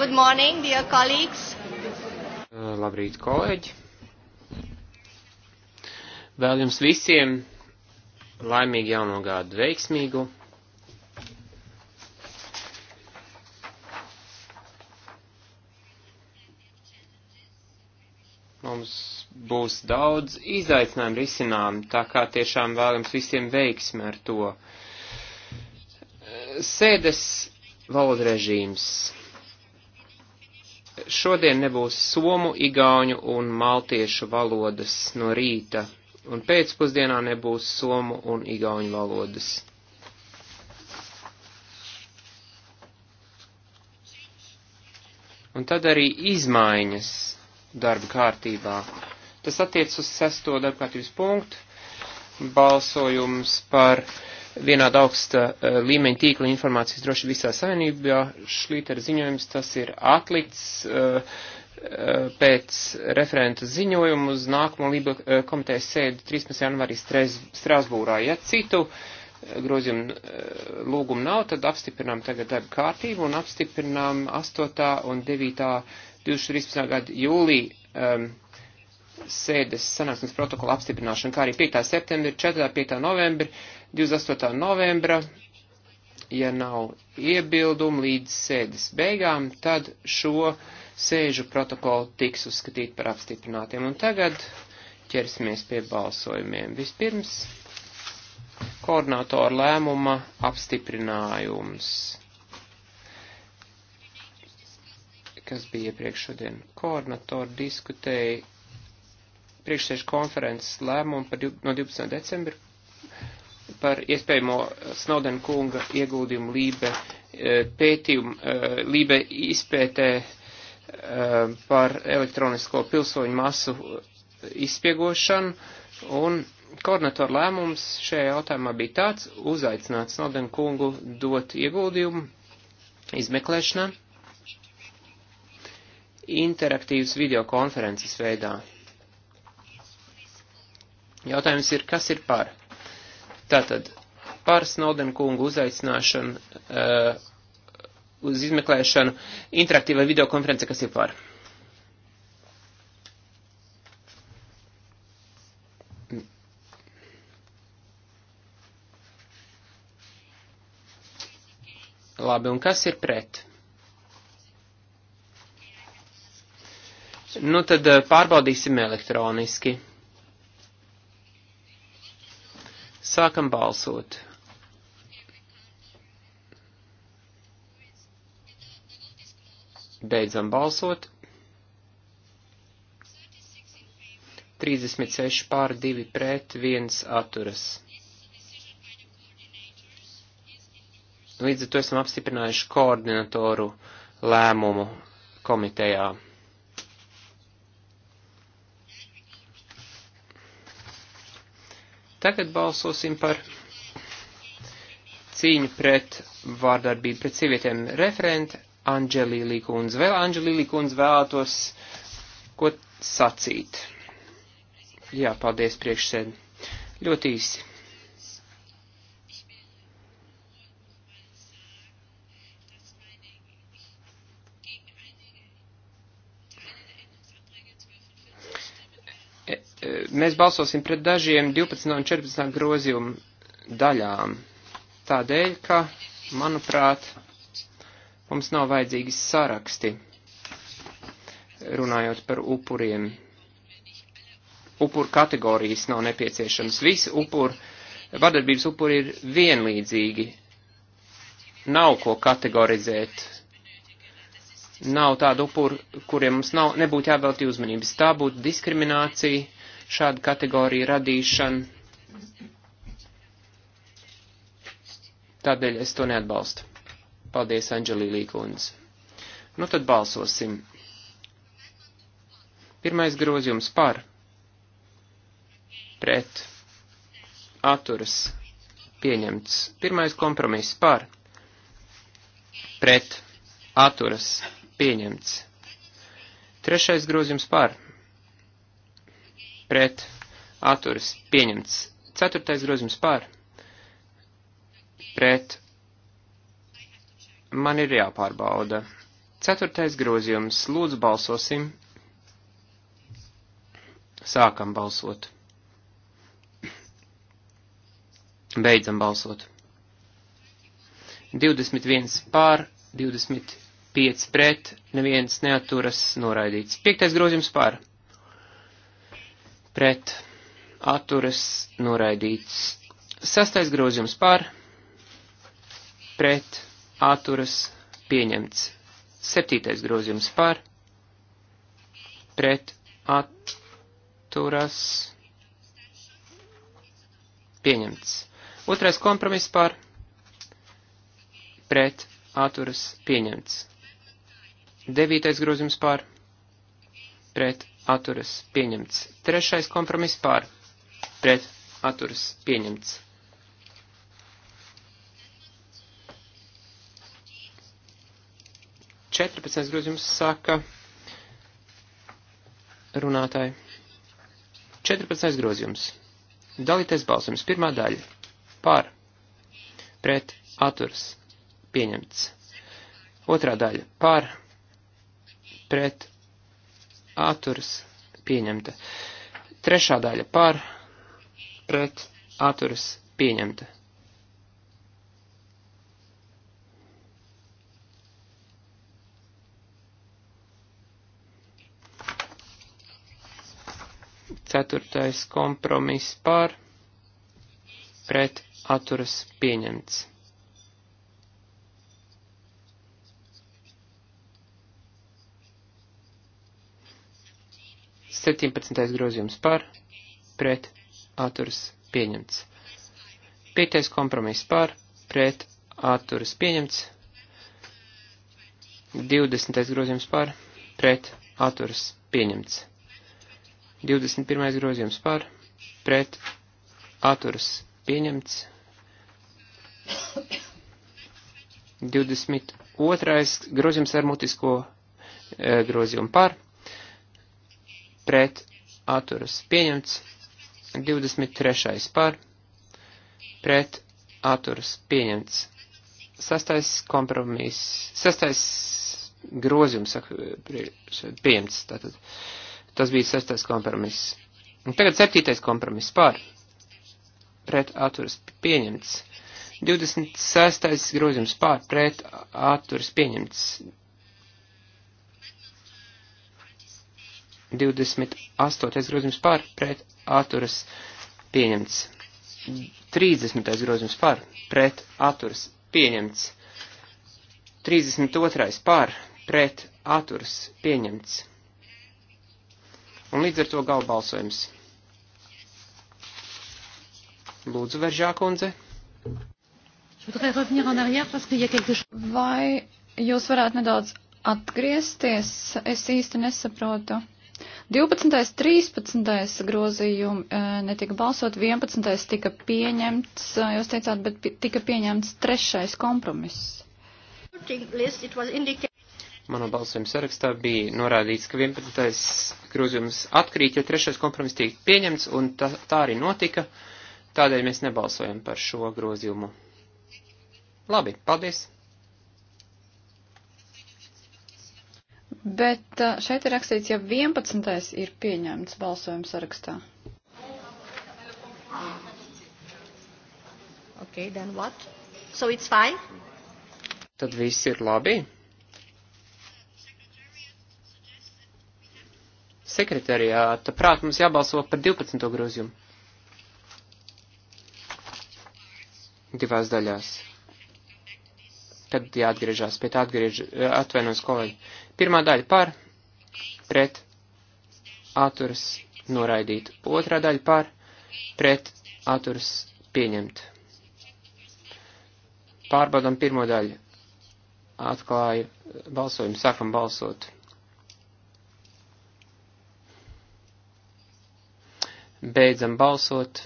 Good morning, dear colleagues. Eh, labrīt, kolēģi. Vēl jums visiem laimīgu jauno gadu, veiksmīgu. Mums būs daudz izaicinājumu risinām, tā kā tiešām vēl jums visiem veiksmi ar to. Eh, sēdes valoda režīms šodien nebūs somu, igauņu un maltiešu valodas no rīta, un pēcpusdienā nebūs somu un igauņu valodas. Un tad arī izmaiņas darba kārtībā. Tas attiec uz sesto darba kārtības punktu, balsojums par vienāda augsta eh, līmeņa tīkla informācijas droši visā savienībā. Šlīter ziņojums tas ir atlikts eh, eh, pēc referentu ziņojumu uz nākamo Lība komitejas sēdi 13. janvārī Strasbūrā. Ja citu grozījumu lūgumu nav, tad apstiprinām tagad darba kārtību un apstiprinām 8. un 9. 2013. gada jūlija um, ehm, sēdes sanāksmes protokola apstiprināšanu, kā arī 5. septembri, 4. 5. novembri, 28. novembra, ja nav iebildumu līdz sēdes beigām, tad šo sēžu protokolu tiks uzskatīt par apstiprinātiem. Un tagad ķersimies pie balsojumiem. Vispirms koordinātora lēmuma apstiprinājums, kas bija iepriekš šodien. Koordinātori diskutēja priekšsēžu konferences lēmumu par, no 12. decembra par iespējamo Snowden kunga ieguldījumu Lībe eh, pētījumu, eh, Lībe izpētē eh, par elektronisko pilsoņu masu izspiegošanu un koordinatoru lēmums šajā jautājumā bija tāds - uzaicināt Snowden kungu dot ieguldījumu izmeklēšanā interaktīvas videokonferences veidā. Jautājums ir, kas ir par? Tātad par Snowden kungu uzaicināšanu uh, uz izmeklēšanu interaktīvai videokonference, kas ir par. Labi, un kas ir pret? Nu tad eh, pārbaudīsim elektroniski. Sākam balsot. Beidzam balsot. 36 pār 2 pret 1 atturas. Līdz ar to esam apstiprinājuši koordinatoru lēmumu komitejā. Tagad balsosim par cīņu pret vārdarbību pret sievietēm referenta Anģelīlī kundze. Vēl Anģelīlī kundze vēlētos ko sacīt. Jā, paldies priekšsēd. Ļoti īsi. Mēs balsosim pret dažiem 12 un 14 grozījumu daļām. Tādēļ, ka, manuprāt, mums nav vajadzīgi saraksti, runājot par upuriem. Upur kategorijas nav nepieciešams. Visi upuri, vardarbības upuri ir vienlīdzīgi. Nav ko kategorizēt. Nav tādu upuru, kuriem mums nav, nebūtu jāvelti uzmanības. Tā būtu diskriminācija šādu kategoriju radīšanu. Tādēļ es to neatbalstu. Paldies, Anģelīlī kundze. Nu tad balsosim. Pirmais grozījums par, pret, atturas, pieņemts. Pirmais kompromiss par, pret, atturas, pieņemts. Trešais grozījums par, pret atturas pieņemts. Ceturtais grozījums par pret man ir jāpārbauda. Ceturtais grozījums lūdzu balsosim. Sākam balsot. Beidzam balsot. 21 pār, 25 pret, neviens neaturas noraidīts. Piektais grozījums pār pret atturas noraidīts. Sastais grozījums par pret atturas pieņemts. Septītais grozījums par pret atturas pieņemts. Otrais kompromiss par pret atturas pieņemts. Devītais grozījums par pret atturas pieņemts. Trešais kompromiss pār, pret, atturas pieņemts. Četrpadsmit grozījums saka runātāji. Četrpadsmit grozījums. Dalīties balsojums. Pirmā daļa. Pār. Pret. Atturas. Pieņemts. Otrā daļa. Pār. Pret atturas pieņemta. Trešā daļa par, pret, atturas pieņemta. Ceturtais kompromiss par, pret, atturas pieņemts. 17. grozījums par, pret, atturas pieņemts. 5. kompromiss par, pret, atturas pieņemts. 20. grozījums par, pret, atturas pieņemts. 21. grozījums par, pret, atturas pieņemts. 22. grozījums ar mutisko e, grozījumu par, pret atturas pieņemts, 23. par, pret atturas pieņemts, 6. kompromis, 6. grozījums pieņemts, tātad tas bija 6. kompromis. Un tagad 7. kompromis par, pret atturas pieņemts, 26. grozījums pār pret atturas pieņemts, 28. grozījums par, pret atturas pieņemts. 30. grozījums par, pret atturas pieņemts. 32. par, pret atturas pieņemts. Un līdz ar to galvbalsojums. Lūdzu, Veržā kundze. Vai jūs varētu nedaudz atgriezties? Es īsti nesaprotu. 12. 13. grozījumi eh, netika balsot, 11. tika pieņemts, eh, jūs teicāt, bet tika pieņemts trešais kompromiss. Manā balsojuma sarakstā bija norādīts, ka 11. grozījums atkrīt, jo trešais kompromiss tiek pieņemts, un tā, tā arī notika. Tādēļ mēs nebalsojam par šo grozījumu. Labi, paldies! Bet eh, šeit ir rakstīts, ja 11. ir pieņemts balsojums sarakstā. Okay, then what? So it's fine? Tad viss ir labi. Sekretariāta prāt mums jābalso par 12. grozījumu. Divās daļās kad jāatgriežās pie tā atgriež, atvainojas kolēģi. Pirmā daļa par, pret, atturas, noraidīt. Otrā daļa par, pret, atturas, pieņemt. Pārbaudam pirmo daļu. Atklāju balsojumu, sākam balsot. Beidzam balsot.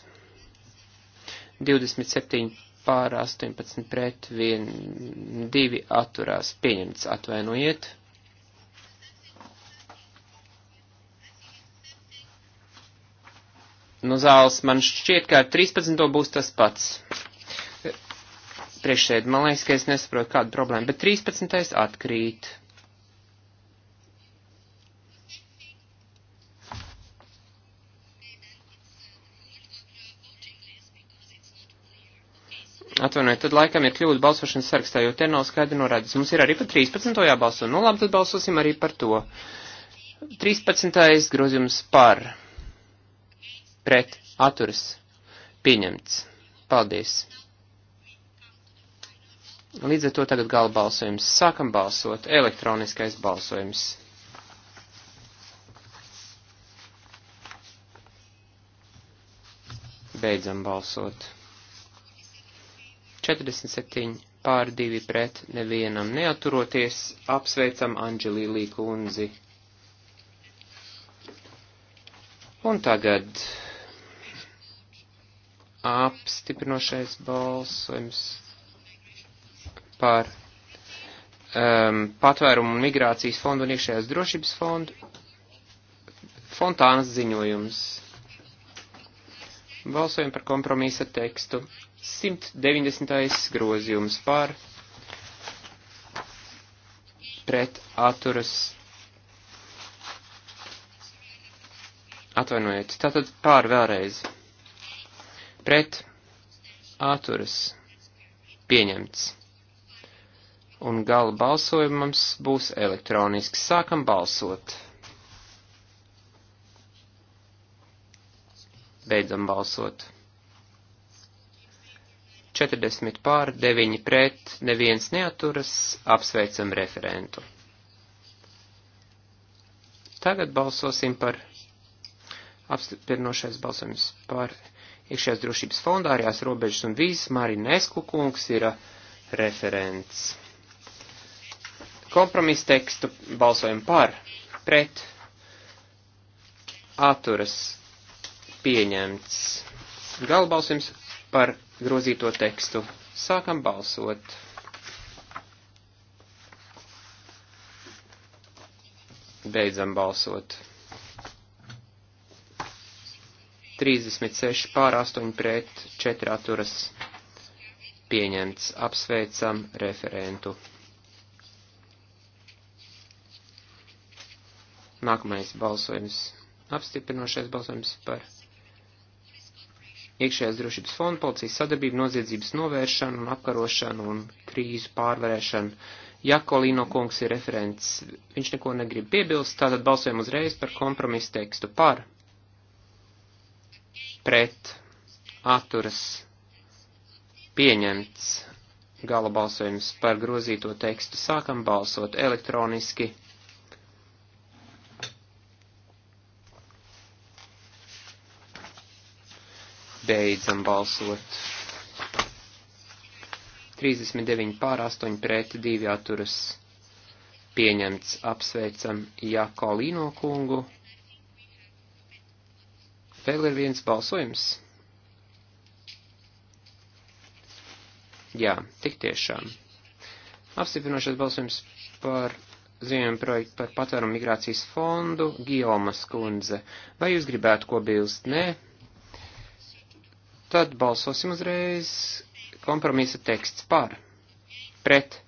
27 pār 18 pret 1, 2 atturās pieņemts, atvainojiet. No nu, zāles man šķiet, ka ar 13 būs tas pats. Priekšsēd, man liekas, ka es nesaprotu kādu problēmu, bet 13. atkrīt. Atvainojiet, tad laikam ir kļūda balsošanas sarakstā, jo te nav skaidri norādīts. Mums ir arī par 13. jābalso. Nu labi, tad balsosim arī par to. 13. grozījums par pret atturas pieņemts. Paldies. Līdz ar to tagad gala balsojums. Sākam balsot. Elektroniskais balsojums. Beidzam balsot. 47 pār 2 pret nevienam neaturoties, apsveicam Anģelīlī kundzi. Un tagad apstiprinošais balsojums par um, patvērumu un migrācijas fondu un iekšējās drošības fondu. Fontānas ziņojums. Balsojam par kompromisa tekstu. 190. grozījums par pret atturas. Atvainojiet, tātad pār vēlreiz. Pret atturas pieņemts. Un gala balsojums būs elektronisks. Sākam balsot. Beidzam balsot. 40 pār, 9 pret, neviens neaturas, apsveicam referentu. Tagad balsosim par apstiprinošais balsojums par iekšējās drošības fondā, ārējās robežas un vīzes. Marina Esku kungs ir referents. Kompromisu tekstu balsojam par, pret, atturas, pieņemts. Galbalsims par grozīto tekstu. Sākam balsot. Beidzam balsot. 36 pār 8 pret 4 atturas pieņemts. Apsveicam referentu. Nākamais balsojums. Apstiprinošais balsojums par iekšējās drošības fonda, policijas sadarbību, noziedzības novēršanu un apkarošanu un krīzu pārvarēšanu. Jakolīno kungs ir referents, viņš neko negrib piebilst, tātad balsojam uzreiz par kompromisu tekstu par, pret, atturas, pieņemts, gala balsojums par grozīto tekstu, sākam balsot elektroniski. Beidzam balsot. 39 pār 8 pret 2 atturas pieņemts. Apsveicam Jakolino kungu. Vēl ir viens balsojums. Jā, tik tiešām. Apstiprinošais balsojums par ziņojumu projektu par patvērumu migrācijas fondu Gijomas kundze. Vai jūs gribētu ko bilst? Nē. Tad balsosim uzreiz kompromisa teksts par, pret,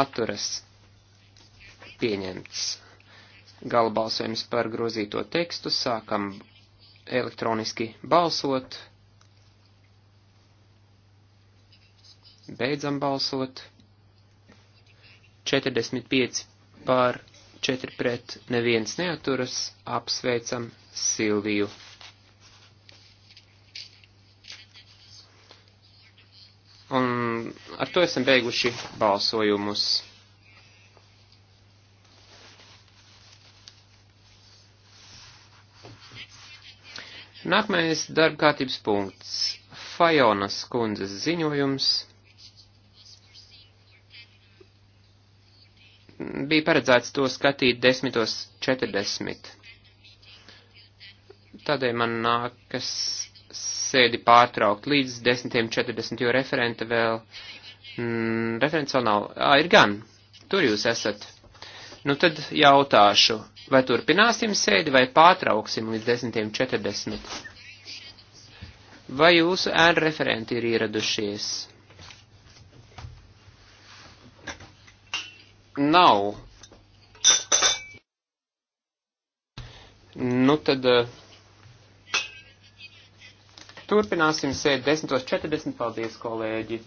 atturas, pieņemts. Gala balsojums par grozīto tekstu sākam elektroniski balsot, beidzam balsot, 45 pār 4 pret neviens neaturas, apsveicam Silviju. to esam beiguši balsojumus. Nākamais darba kārtības punkts - Fajonas kundzes ziņojums. Bija paredzēts to skatīt 10.40. Tādēļ man nākas sēdi pārtraukt līdz 10.40, jo referenta vēl uh, Mm, referents vēl nav. Ā, ir gan. Tur jūs esat. Nu tad jautāšu, vai turpināsim sēdi vai pārtrauksim līdz 10.40. Vai jūsu ēnu referenti ir ieradušies? Nav. Nu tad. Turpināsim sēdi 10.40. Paldies, kolēģi!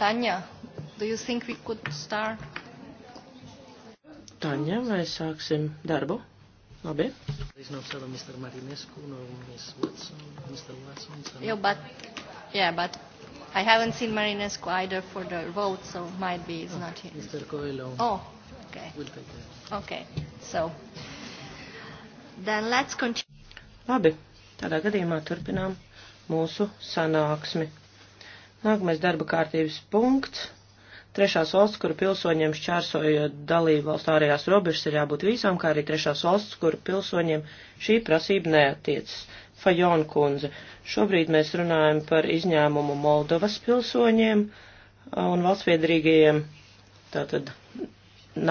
Taņa, do you think we could start? Taņa, vai sāksim darbu? Labi. No Mr. Marinescu, no Ms. Watson, Mr. Watson. So... Yeah, but, yeah, but I haven't seen Marinescu either for the vote, so might be it's oh, not here. Mr. Coelho. Oh, okay. We'll take that. Okay, so then let's continue. Labi, tādā gadījumā turpinām mūsu sanāksmi. Nākamais darba kārtības punkts. Trešās valsts, kuru pilsoņiem šķērsojot dalību valstu ārējās robežas, ir jābūt vīzām, kā arī trešās valsts, kuru pilsoņiem šī prasība neatiecas. Fajon kundze. Šobrīd mēs runājam par izņēmumu Moldovas pilsoņiem un valstsviedrīgajiem. Tātad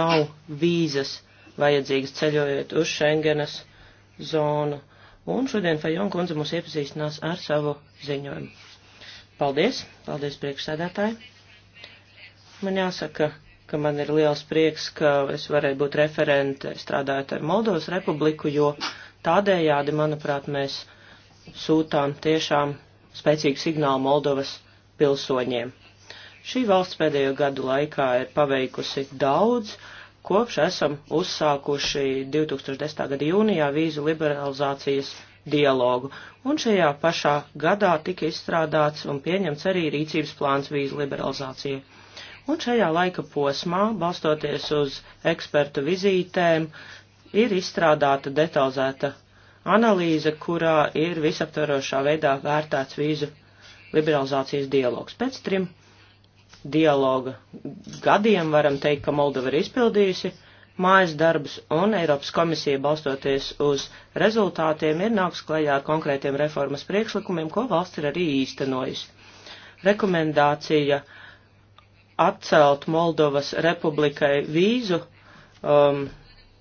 nav vīzas vajadzīgas ceļojot uz Schengenas zonu. Un šodien Fajon kundze mūs iepazīstinās ar savu ziņojumu. Paldies, paldies priekšsēdētāji. Man jāsaka, ka man ir liels prieks, ka es varēju būt referente strādājot ar Moldovas republiku, jo tādējādi, manuprāt, mēs sūtām tiešām spēcīgu signālu Moldovas pilsoņiem. Šī valsts pēdējo gadu laikā ir paveikusi daudz, kopš esam uzsākuši 2010. gada jūnijā vīzu liberalizācijas dialogu. Un šajā pašā gadā tika izstrādāts un pieņemts arī rīcības plāns vīzu liberalizācijai. Un šajā laika posmā, balstoties uz ekspertu vizītēm, ir izstrādāta detalizēta analīze, kurā ir visaptvarošā veidā vērtēts vīzu liberalizācijas dialogs. Pēc trim dialoga gadiem varam teikt, ka Moldova ir izpildījusi mājas darbus, un Eiropas komisija, balstoties uz rezultātiem, ir nāks klajā ar konkrētiem reformas priekšlikumiem, ko valsts ir arī īstenojusi. Rekomendācija atcelt Moldovas republikai vīzu um,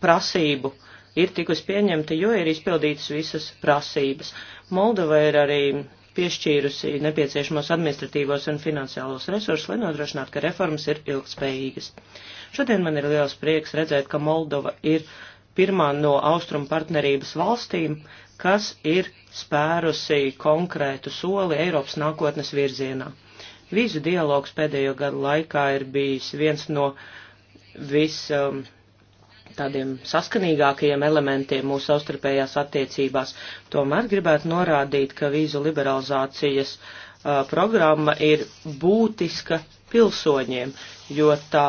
prasību ir tikusi pieņemta, jo ir izpildītas visas prasības. Moldova ir arī piešķīrusi nepieciešamos administratīvos un finansiālos resursus, lai nodrošinātu, ka reformas ir ilgspējīgas. Šodien man ir liels prieks redzēt, ka Moldova ir pirmā no austrumu partnerības valstīm, kas ir spērusi konkrētu soli Eiropas nākotnes virzienā. Vīzu dialogs pēdējo gadu laikā ir bijis viens no vis. Um, tādiem saskanīgākajiem elementiem mūsu savstarpējās attiecībās. Tomēr gribētu norādīt, ka vīzu liberalizācijas uh, programma ir būtiska pilsoņiem, jo tā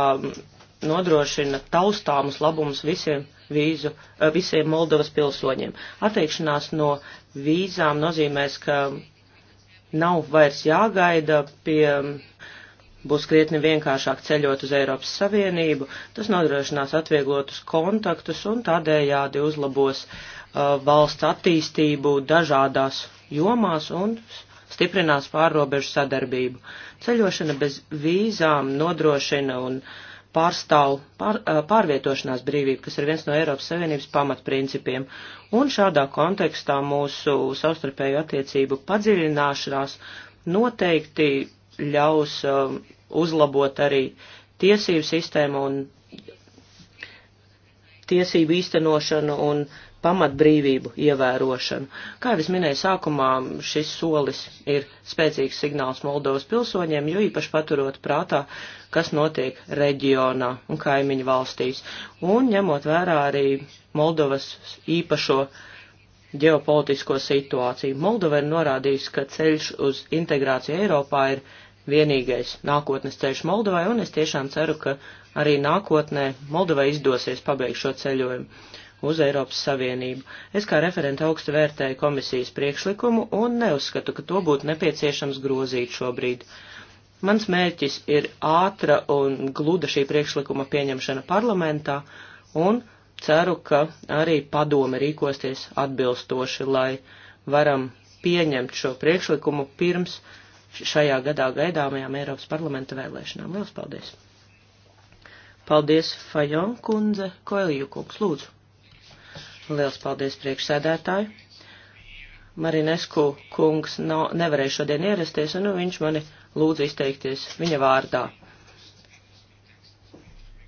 nodrošina taustāmus labumus visiem vīzu, uh, visiem Moldovas pilsoņiem. Atteikšanās no vīzām nozīmēs, ka nav vairs jāgaida pie uh, būs krietni vienkāršāk ceļot uz Eiropas Savienību, tas nodrošinās atvieglotus kontaktus un tādējādi uzlabos uh, valsts attīstību dažādās jomās un stiprinās pārrobežu sadarbību. Ceļošana bez vīzām nodrošina un pārstāv pār, uh, pārvietošanās brīvību, kas ir viens no Eiropas Savienības pamatprincipiem, un šādā kontekstā mūsu savstarpēju attiecību padziļināšanās noteikti ļaus um, uzlabot arī tiesību sistēmu un tiesību īstenošanu un pamatbrīvību ievērošanu. Kā jau es minēju sākumā, šis solis ir spēcīgs signāls Moldovas pilsoņiem, jo īpaši paturot prātā, kas notiek reģionā un kaimiņu valstīs, un ņemot vērā arī Moldovas īpašo ģeopolitisko situāciju. Moldova ir norādījusi, ka ceļš uz integrāciju Eiropā ir vienīgais nākotnes ceļš Moldovai, un es tiešām ceru, ka arī nākotnē Moldovai izdosies pabeigt šo ceļojumu uz Eiropas Savienību. Es kā referenta augstu vērtēju komisijas priekšlikumu un neuzskatu, ka to būtu nepieciešams grozīt šobrīd. Mans mērķis ir ātra un gluda šī priekšlikuma pieņemšana parlamentā, un ceru, ka arī padome rīkosies atbilstoši, lai varam pieņemt šo priekšlikumu pirms šajā gadā gaidāmajām Eiropas parlamenta vēlēšanām. Lielas paldies! Paldies, Fajon kundze, Koeliju kungs, lūdzu! Lielas paldies priekšsēdētāju! Marinesku kungs no, nevarēja šodien ierasties, un nu, viņš mani lūdzu izteikties viņa vārdā.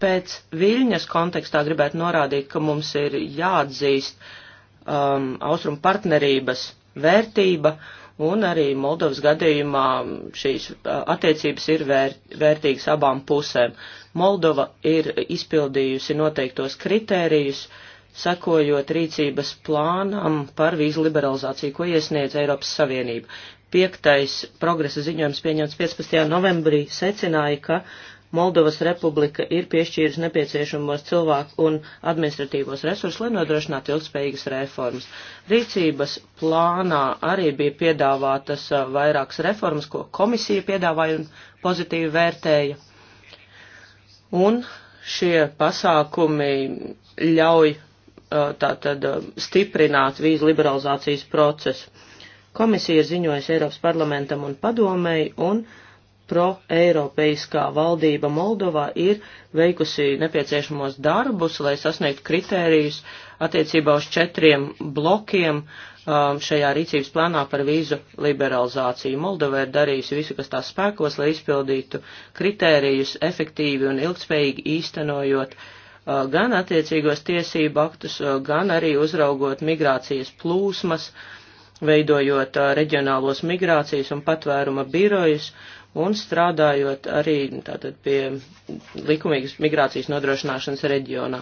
Pēc Viļņas kontekstā gribētu norādīt, ka mums ir jāatzīst um, austrumu partnerības vērtība, uh, Un arī Moldovas gadījumā šīs attiecības ir vēr, vērtīgas abām pusēm. Moldova ir izpildījusi noteiktos kritērijus, sekojot rīcības plānam par vīzu liberalizāciju, ko iesniedz Eiropas Savienība. Piektais progresa ziņojums pieņemts 15. novembrī secināja, ka uh, Moldovas republika ir piešķīrusi nepieciešamos cilvēku un administratīvos resursus, lai nodrošinātu ilgspējīgas reformas. Rīcības plānā arī bija piedāvātas uh, vairākas reformas, ko komisija piedāvāja un pozitīvi vērtēja. Un šie pasākumi ļauj uh, tātad uh, stiprināt vīzu liberalizācijas procesu. Komisija ir ziņojusi Eiropas parlamentam un padomēji, un uh, pro-eiropeiskā valdība Moldovā ir veikusi nepieciešamos darbus, lai sasniegtu kritērijus attiecībā uz četriem blokiem um, šajā rīcības plānā par vīzu liberalizāciju. Moldova ir darījusi visu, kas tās spēkos, lai izpildītu kritērijus efektīvi un ilgspējīgi īstenojot uh, gan attiecīgos tiesību aktus, uh, gan arī uzraugot migrācijas plūsmas, veidojot uh, reģionālos migrācijas un patvēruma birojus un strādājot arī tātad pie likumīgas migrācijas nodrošināšanas reģionā.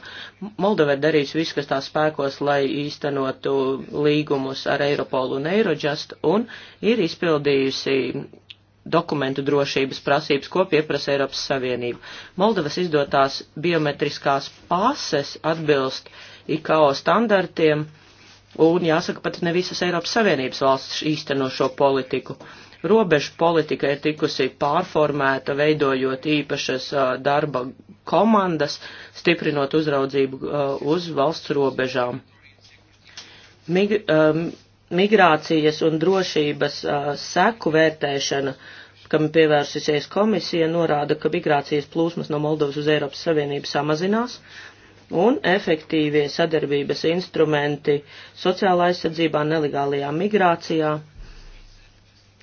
Moldova ir darījusi visu, kas tā spēkos, lai īstenotu līgumus ar Eiropolu un Eirojust, un ir izpildījusi dokumentu drošības prasības, ko pieprasa Eiropas Savienība. Moldovas izdotās biometriskās pases atbilst IKO standartiem, un jāsaka pat ne visas Eiropas Savienības valsts īsteno šo politiku. Uh, Robežu politika ir tikusi pārformēta, veidojot īpašas uh, darba komandas, stiprinot uzraudzību uh, uz valsts robežām. Mig, um, migrācijas un drošības uh, seku vērtēšana kam pievērsusies komisija, norāda, ka migrācijas plūsmas no Moldovas uz Eiropas Savienību samazinās, un efektīvie sadarbības instrumenti sociālā aizsardzībā, nelegālajā migrācijā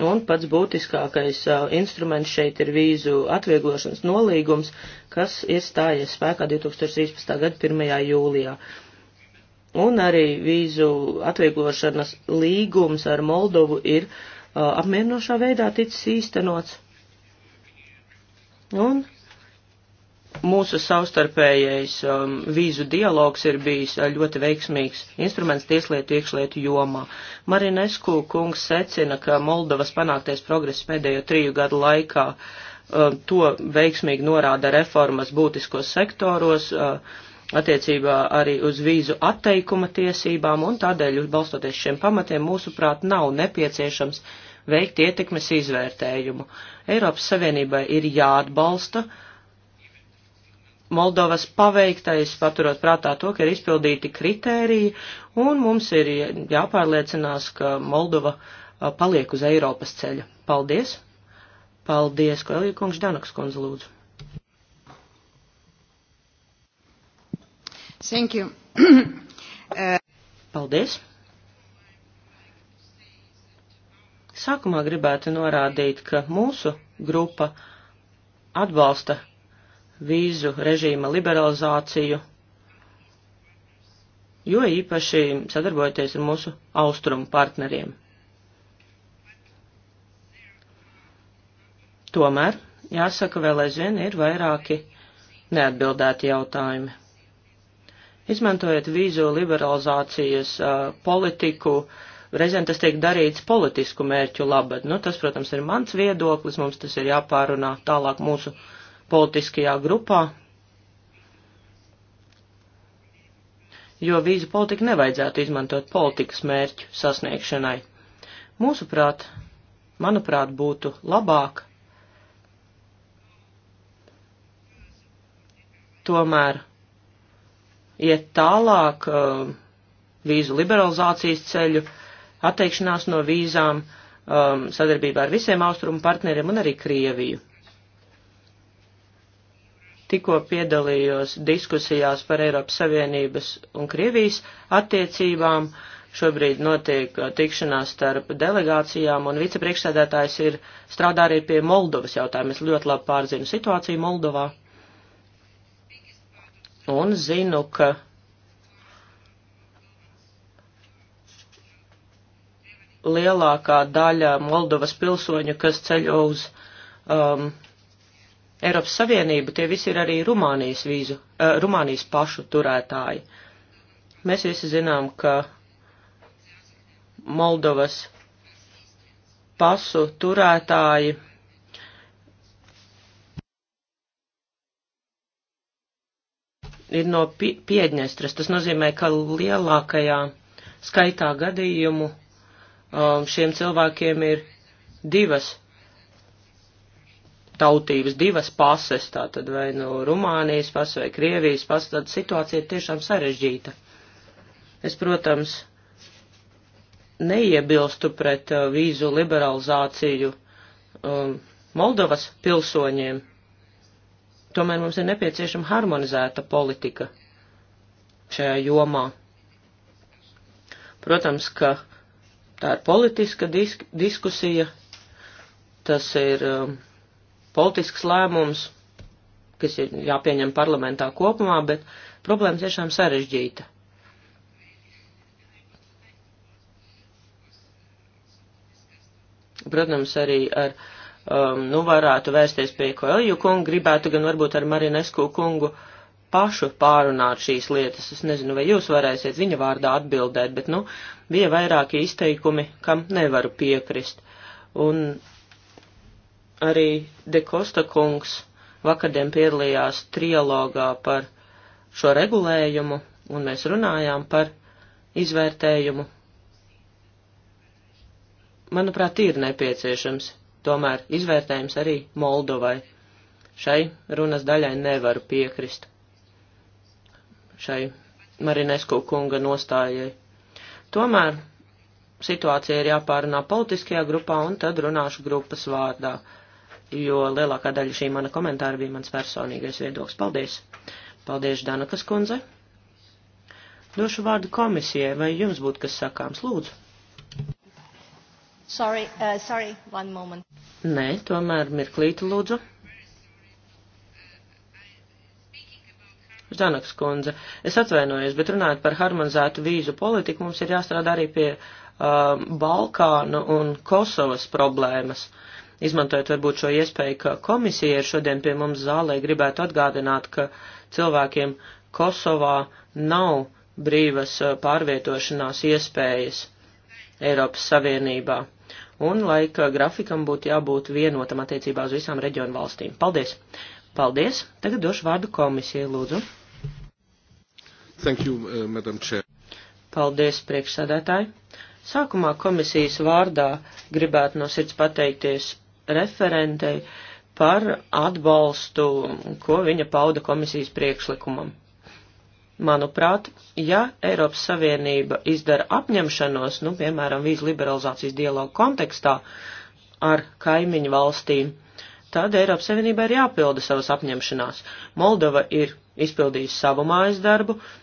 Un pats būtiskākais uh, instruments šeit ir vīzu atvieglošanas nolīgums, kas ir stājies spēkā 2013. gada 1. jūlijā. Un arī vīzu atvieglošanas līgums ar Moldovu ir uh, apmierinošā veidā ticis īstenots. Un mūsu savstarpējais um, vīzu dialogs ir bijis uh, ļoti veiksmīgs instruments tieslietu iekšlietu jomā. Marinesku kungs secina, ka Moldovas panāktais progress pēdējo triju gadu laikā um, to veiksmīgi norāda reformas būtiskos sektoros. Uh, attiecībā arī uz vīzu atteikuma tiesībām, un tādēļ, balstoties šiem pamatiem, mūsuprāt, nav nepieciešams veikt ietekmes izvērtējumu. Eiropas Savienībai ir jāatbalsta uh, Moldovas paveiktais, paturot prātā to, ka ir izpildīti kritēriji, un mums ir jāpārliecinās, ka Moldova paliek uz Eiropas ceļa. Paldies! Paldies, Koelija kungs, Danaks kundze, lūdzu. Thank you. Paldies! Sākumā gribētu norādīt, ka mūsu grupa atbalsta vīzu režīma liberalizāciju, jo īpaši sadarbojoties ar mūsu austrumu partneriem. Tomēr, jāsaka, vēl aizvien ir vairāki neatbildēti jautājumi. Izmantojot vīzu liberalizācijas uh, politiku, reizēm tas tiek darīts politisku mērķu labad. Nu, tas, protams, ir mans viedoklis, mums tas ir jāpārunā tālāk mūsu politiskajā grupā, jo vīzu politiku nevajadzētu izmantot politikas mērķu sasniegšanai. Mūsuprāt, manuprāt, būtu labāk tomēr iet tālāk uh, vīzu liberalizācijas ceļu, atteikšanās no vīzām, um, sadarbībā ar visiem austrumu partneriem un arī Krieviju tikko piedalījos diskusijās par Eiropas Savienības un Krievijas attiecībām. Šobrīd notiek uh, tikšanās starp delegācijām, un vicepriekšsēdētājs ir strādā arī pie Moldovas jautājuma. Es ļoti labi pārzinu situāciju Moldovā. Un zinu, ka lielākā daļa Moldovas pilsoņu, kas ceļo uz um, Eiropas Savienību, tie visi ir arī Rumānijas vīzu, uh, Rumānijas pašu turētāji. Mēs visi zinām, ka Moldovas pasu turētāji ir no Piedņestras. Tas nozīmē, ka lielākajā skaitā gadījumu um, šiem cilvēkiem ir divas tautības divas pases, tātad vai no nu Rumānijas pases vai Krievijas pases, tad situācija ir tiešām sarežģīta. Es, protams, neiebilstu pret uh, vīzu liberalizāciju um, Moldovas pilsoņiem. Tomēr mums ir nepieciešama harmonizēta politika šajā jomā. Protams, ka tā ir politiska disk diskusija, tas ir um, politisks lēmums, kas ir jāpieņem parlamentā kopumā, bet problēma tiešām sarežģīta. Protams, arī ar, um, nu, varētu vērsties pie Koelju kungu, gribētu gan varbūt ar Marinesku kungu uh, pašu pārunāt šīs lietas. Es nezinu, vai jūs varēsiet viņa vārdā atbildēt, bet, nu, bija vairāki izteikumi, kam nevaru piekrist. Un Arī Dekosta kungs vakardien piedalījās trialogā par šo regulējumu, un mēs runājām par izvērtējumu. Manuprāt, ir nepieciešams tomēr izvērtējums arī Moldovai. Šai runas daļai nevaru piekrist. Šai Marinesku kunga nostājai. Tomēr situācija ir jāpārunā politiskajā grupā, un tad runāšu grupas vārdā jo lielākā daļa šī mana komentāra bija mans personīgais viedoklis. Paldies! Paldies, Danakas kundze! Došu vārdu komisijai, vai jums būtu kas sakāms, lūdzu? Sorry, uh, sorry, one moment. Nē, tomēr mirklīti lūdzu. Ždanakas kundze, es atvainojos, bet runājot par harmonizētu vīzu politiku, mums ir jāstrādā arī pie uh, Balkānu un Kosovas problēmas. Uh, izmantojot varbūt šo iespēju, ka komisija ir šodien pie mums zālē, gribētu atgādināt, ka cilvēkiem Kosovā nav brīvas uh, pārvietošanās iespējas Eiropas Savienībā. Un laika grafikam būtu jābūt vienotam attiecībā uz visām reģionu valstīm. Paldies! Paldies! Tagad došu vārdu komisijai, lūdzu. Thank you, uh, Madam Chair. Paldies, priekšsēdētāji. Sākumā komisijas vārdā gribētu no sirds pateikties referentei par atbalstu, ko viņa pauda komisijas priekšlikumam. Manuprāt, ja Eiropas Savienība izdara apņemšanos, nu, piemēram, vīzu liberalizācijas dialogu kontekstā ar kaimiņu valstīm, tad Eiropas Savienībai ir jāpilda savas apņemšanās. Moldova ir izpildījusi savu mājas darbu, uh,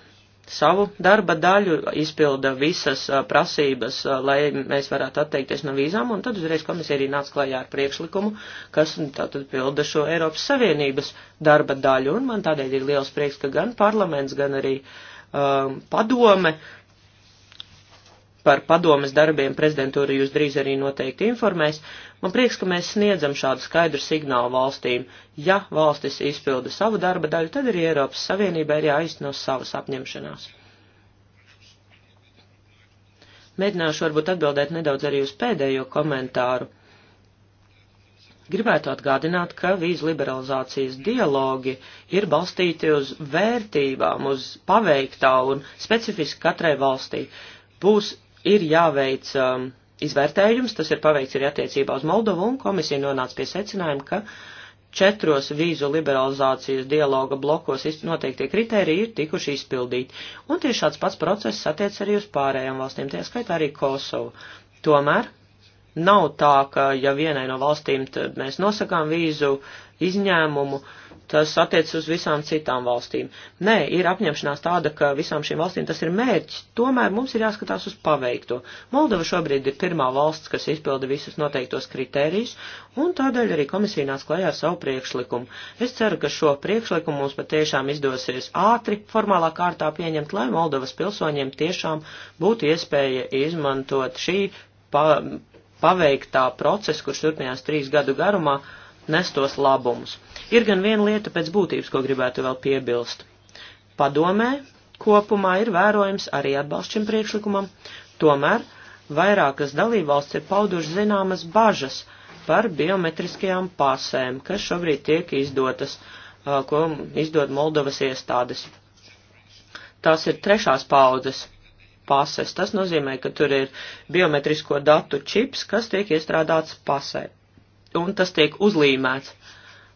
savu darba daļu, izpilda visas a, prasības, a, lai mēs varētu atteikties no vīzām, un tad uzreiz komisija arī nāca klajā ar priekšlikumu, kas nu, tātad pilda šo Eiropas Savienības darba daļu, un man tādēļ ir liels prieks, ka gan parlaments, gan arī um, padome par padomas darbiem prezidentūra jūs drīz arī noteikti informēs. Man prieks, ka mēs sniedzam šādu skaidru signālu valstīm. Ja valstis izpilda savu darba daļu, tad arī Eiropas Savienībai ir jāizno savas apņemšanās. Mēģināšu varbūt atbildēt nedaudz arī uz pēdējo komentāru. Gribētu atgādināt, ka vīzu liberalizācijas dialogi ir balstīti uz vērtībām, uz paveiktā un specifiski katrai valstī būs ir jāveic um, izvērtējums, tas ir paveikts arī attiecībā uz Moldovu, un komisija nonāca pie secinājuma, ka četros vīzu liberalizācijas dialoga blokos noteiktie kriteriji ir tikuši izpildīti, un tieši šāds pats process attiec arī uz pārējām valstīm, tie skaitā arī Kosovu. Tomēr Nav tā, ka ja vienai no valstīm mēs nosakām vīzu izņēmumu, tas attiec uz visām citām valstīm. Nē, ir apņemšanās tāda, ka visām šīm valstīm tas ir mērķis. Tomēr mums ir jāskatās uz paveikto. Moldova šobrīd ir pirmā valsts, kas izpilda visus noteiktos kritērijus, un tādēļ arī komisija nāks klajā ar savu priekšlikumu. Es ceru, ka šo priekšlikumu mums patiešām izdosies ātri formālā kārtā pieņemt, lai Moldovas pilsoņiem tiešām būtu iespēja izmantot šī pa, paveiktā procesa, kurš turpinājās trīs gadu garumā, nestos labumus. Ir gan viena lieta pēc būtības, ko gribētu vēl piebilst. Padomē kopumā ir vērojams arī atbalsts šim priekšlikumam, tomēr vairākas dalībvalsts ir pauduši zināmas bažas par biometriskajām pasēm, kas šobrīd tiek izdotas, uh, ko izdod Moldovas iestādes. Tās ir trešās paudzes pases. Tas nozīmē, ka tur ir biometrisko datu čips, kas tiek iestrādāts pasē. Un tas tiek uzlīmēts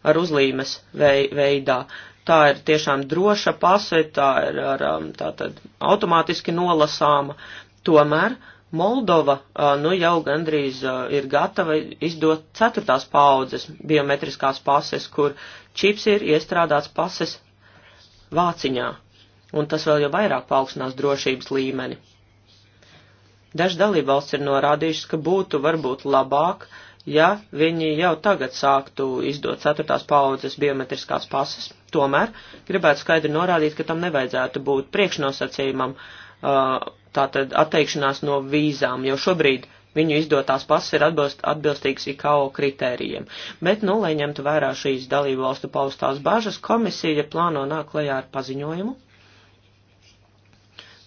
ar uzlīmes veidā. Tā ir tiešām droša pase, tā ir ar, um, tā tad automātiski nolasāma. Tomēr Moldova uh, nu jau gandrīz uh, ir gatava izdot ceturtās paudzes biometriskās pases, kur čips ir iestrādāts pases vāciņā un tas vēl jau vairāk paaugstinās drošības līmeni. Dažas dalībvalsts ir norādījušas, ka būtu varbūt labāk, ja viņi jau tagad sāktu izdot ceturtās paudzes biometriskās pases, tomēr gribētu skaidri norādīt, ka tam nevajadzētu būt priekšnosacījumam tātad atteikšanās no vīzām, jo šobrīd viņu izdotās pases ir atbilst, atbilstīgas IKO kritērijiem. Bet, nu, lai ņemtu vērā šīs dalību valstu paustās bažas, komisija plāno nāk klajā ar paziņojumu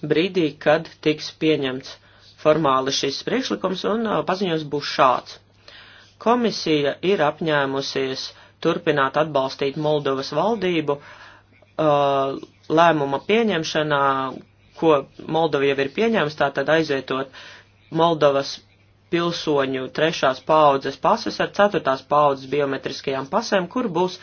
brīdī, kad tiks pieņemts formāli šis priekšlikums un paziņojums būs šāds. Komisija ir apņēmusies turpināt atbalstīt Moldovas valdību uh, lēmuma pieņemšanā, ko Moldova jau ir pieņēmusi, tātad aizvietot Moldovas pilsoņu trešās paaudzes pases ar ceturtās paaudzes biometriskajām pasēm, kur būs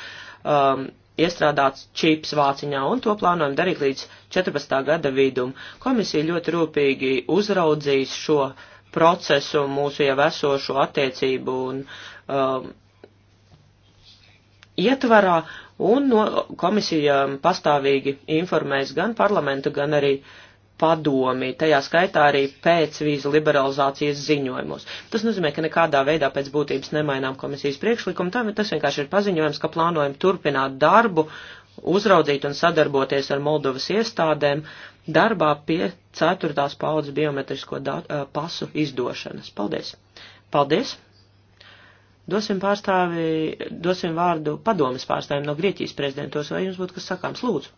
um, iestrādāts čips vāciņā, un to plānojam darīt līdz 14. gada vidum. Komisija ļoti rūpīgi uzraudzīs šo procesu, mūsu jau esošo attiecību un um, ietvarā, un no, komisija pastāvīgi informēs gan parlamentu, gan arī uh, padomi, tajā skaitā arī pēc vīzu liberalizācijas ziņojumos. Tas nozīmē, ka nekādā veidā pēc būtības nemainām komisijas priekšlikumu, tam tas vienkārši ir paziņojums, ka plānojam turpināt darbu, uzraudzīt un sadarboties ar Moldovas iestādēm darbā pie ceturtās paudzes biometrisko dat, pasu izdošanas. Paldies! Paldies! Dosim, pārstāvi, dosim vārdu padomas pārstāvjiem no Grieķijas prezidentos, vai jums būtu kas sakāms, lūdzu.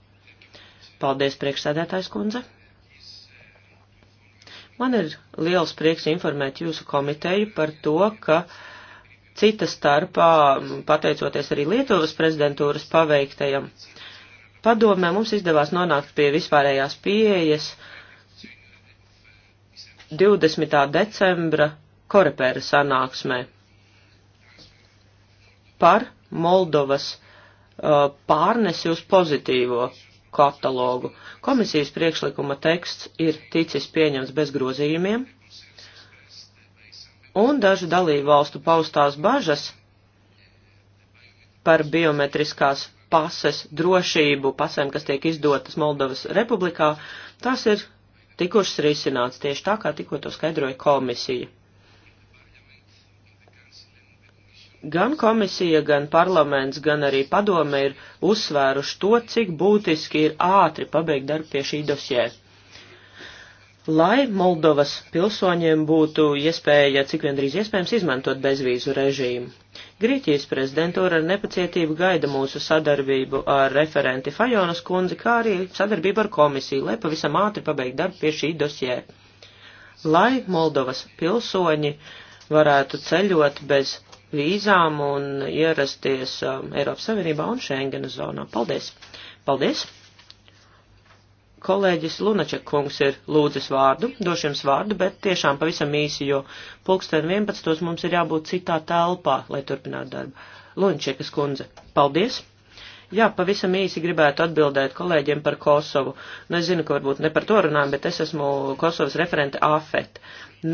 Paldies, priekšsēdētājs kundze. Man ir liels prieks informēt jūsu komiteju par to, ka cita starpā, pateicoties arī Lietuvas prezidentūras paveiktajam, padomē mums izdevās nonākt pie vispārējās pieejas 20. decembra korepēra sanāksmē par Moldovas uh, pārnesi uz pozitīvo katalogu. Komisijas priekšlikuma teksts ir ticis pieņemts bez grozījumiem, un dažu dalību valstu paustās bažas par biometriskās pases drošību pasēm, kas tiek izdotas Moldovas republikā, tas ir tikušas risināts tieši tā, kā tikko to skaidroja komisija. Gan komisija, gan parlaments, gan arī padome ir uzsvēruši to, cik būtiski ir ātri pabeigt darbu pie šī dosjē. Lai Moldovas pilsoņiem būtu iespēja cik vien drīz iespējams izmantot bezvīzu režīmu. Grieķijas prezidentūra ar nepacietību gaida mūsu sadarbību ar referenti Fajonas kundzi, kā arī sadarbību ar komisiju, lai pavisam ātri pabeigtu darbu pie šī dosjē. Lai Moldovas pilsoņi varētu ceļot bez vīzām un ierasties um, Eiropas Savienībā un Schengena zonā. Paldies! Paldies! Kolēģis Lunaček kungs ir lūdzis vārdu, došu jums vārdu, bet tiešām pavisam īsi, jo pulksten 11. mums ir jābūt citā telpā, lai turpinātu darbu. Lunčekas kundze, paldies! Jā, pavisam īsi gribētu atbildēt kolēģiem par Kosovu. Nu, es zinu, ka varbūt ne par to runājam, bet es esmu Kosovas referente AFET.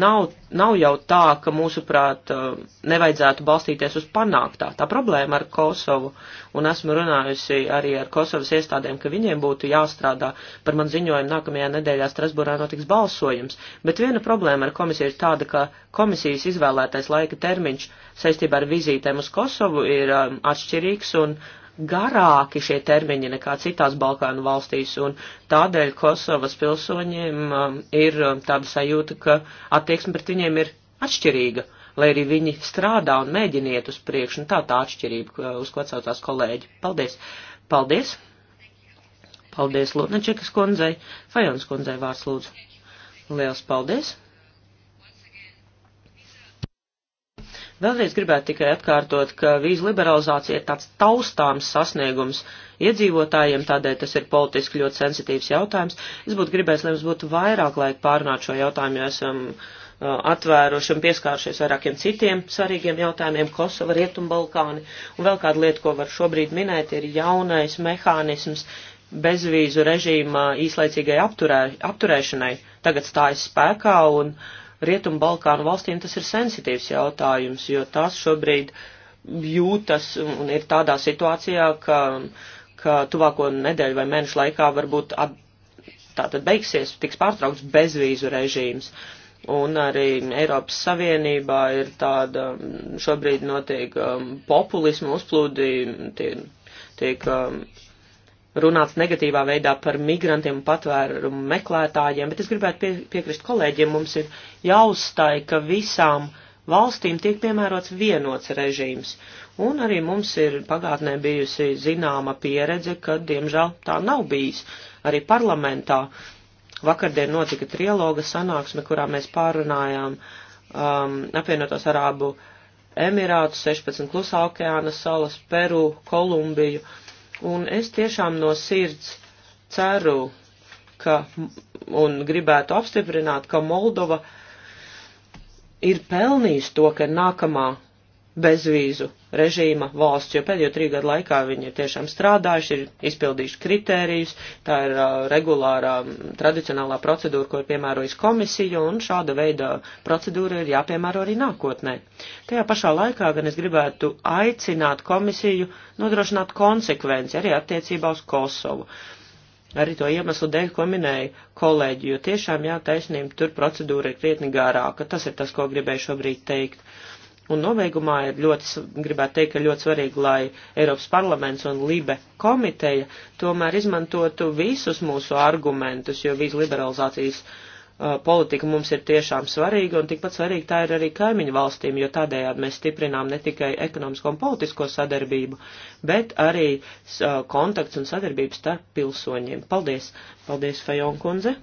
Nav, nav jau tā, ka mūsuprāt uh, nevajadzētu balstīties uz panāktā. Tā problēma ar Kosovu, un esmu runājusi arī ar Kosovas iestādēm, ka viņiem būtu jāstrādā par man ziņojumu nākamajā nedēļā Strasburā notiks balsojums. Bet viena problēma ar komisiju ir tāda, ka komisijas izvēlētais laika termiņš saistībā ar vizītēm uz Kosovu ir um, atšķirīgs un uh, garāki šie termiņi nekā citās Balkānu valstīs, un tādēļ Kosovas pilsoņiem um, ir um, tāda sajūta, ka attieksme pret viņiem ir atšķirīga, lai arī viņi strādā un mēģiniet uz priekšu, un tā tā atšķirība, uz ko atsaucās kolēģi. Paldies! Paldies! Paldies Lutnačekas kundzei, Fajons kundzei vārds lūdzu. Liels paldies! Vēlreiz gribētu tikai atkārtot, ka vīzu liberalizācija ir tāds taustāms sasniegums iedzīvotājiem, tādēļ tas ir politiski ļoti sensitīvs jautājums. Es būtu gribējis, lai mums būtu vairāk laika pārnāt šo jautājumu, jo esam uh, atvēruši un pieskāršies vairākiem citiem svarīgiem jautājumiem - Kosova, Rietumbalkāni. Un vēl kāda lieta, ko var šobrīd minēt, ir jaunais mehānisms bezvīzu režīma īslaicīgai apturē, apturēšanai. Tagad stājas spēkā un uh, Rietumu Balkānu valstīm tas ir sensitīvs jautājums, jo tās šobrīd jūtas un ir tādā situācijā, ka, ka tuvāko nedēļu vai mēnešu laikā varbūt at, tātad beigsies, tiks pārtraukts bezvīzu režīms. Un arī Eiropas Savienībā ir tāda, šobrīd notiek um, populismu uzplūdi, tiek, tiek um, runāts negatīvā veidā par migrantiem un patvērumu meklētājiem, bet es gribētu pie, piekrist kolēģiem, mums ir jāuzstāj, ka visām valstīm tiek piemērots vienots režīms. Un arī mums ir pagātnē bijusi zināma pieredze, ka, diemžēl, tā nav bijis arī parlamentā. Vakardien notika trialoga sanāksme, kurā mēs pārunājām um, apvienotos arābu Emirātus, 16 klusā okeāna salas, Peru, Kolumbiju. Uh, Un es tiešām no sirds ceru, ka un gribētu apstiprināt, ka Moldova ir pelnījusi to, ka nākamā bezvīzu režīma valsts, jo pēdējo trīs gadu laikā viņi ir tiešām strādājuši, ir izpildījuši kritērijus, tā ir uh, regulārā, tradicionālā procedūra, ko ir piemērojusi komisija, un šāda veida procedūra ir jāpiemēro arī nākotnē. Tajā pašā laikā gan es gribētu aicināt komisiju nodrošināt konsekvenci arī attiecībā uz Kosovu. Arī to iemeslu dēļ, ko minēja kolēģi, jo tiešām jā, taisnība, tur procedūra ir krietni gārāka. Tas ir tas, ko gribēju šobrīd teikt. Uh, Un nobeigumā ir ļoti, gribētu teikt, ka ļoti svarīgi, lai Eiropas parlaments un Libe komiteja tomēr izmantotu visus mūsu argumentus, jo vīzu liberalizācijas uh, politika mums ir tiešām svarīga, un tikpat svarīga tā ir arī kaimiņu valstīm, jo tādējādi mēs stiprinām ne tikai ekonomisko un politisko sadarbību, bet arī uh, kontakts un sadarbības starp pilsoņiem. Paldies! Paldies, Fajonkundze!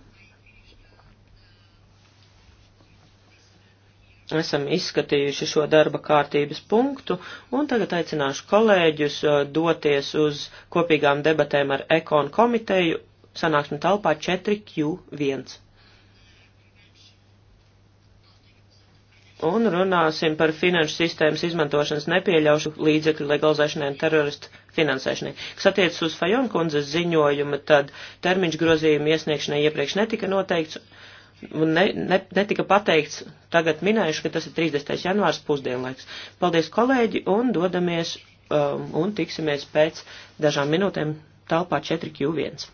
esam izskatījuši šo darba kārtības punktu, un tagad aicināšu kolēģus uh, doties uz kopīgām debatēm ar Ekon komiteju sanāksmi telpā 4Q1. Un runāsim par finanšu sistēmas izmantošanas nepieļaušu līdzekļu legalizēšanai un teroristu finansēšanai. Kas attiecas uz Fajonkundzes ziņojumu, tad termiņš grozījuma iesniegšanai iepriekš netika noteikts un ne, ne, netika pateikts, tagad minējuši, ka tas ir 30. janvārs pusdienlaiks. Paldies, kolēģi, un dodamies um, un tiksimies pēc dažām minūtēm telpā 4Q1.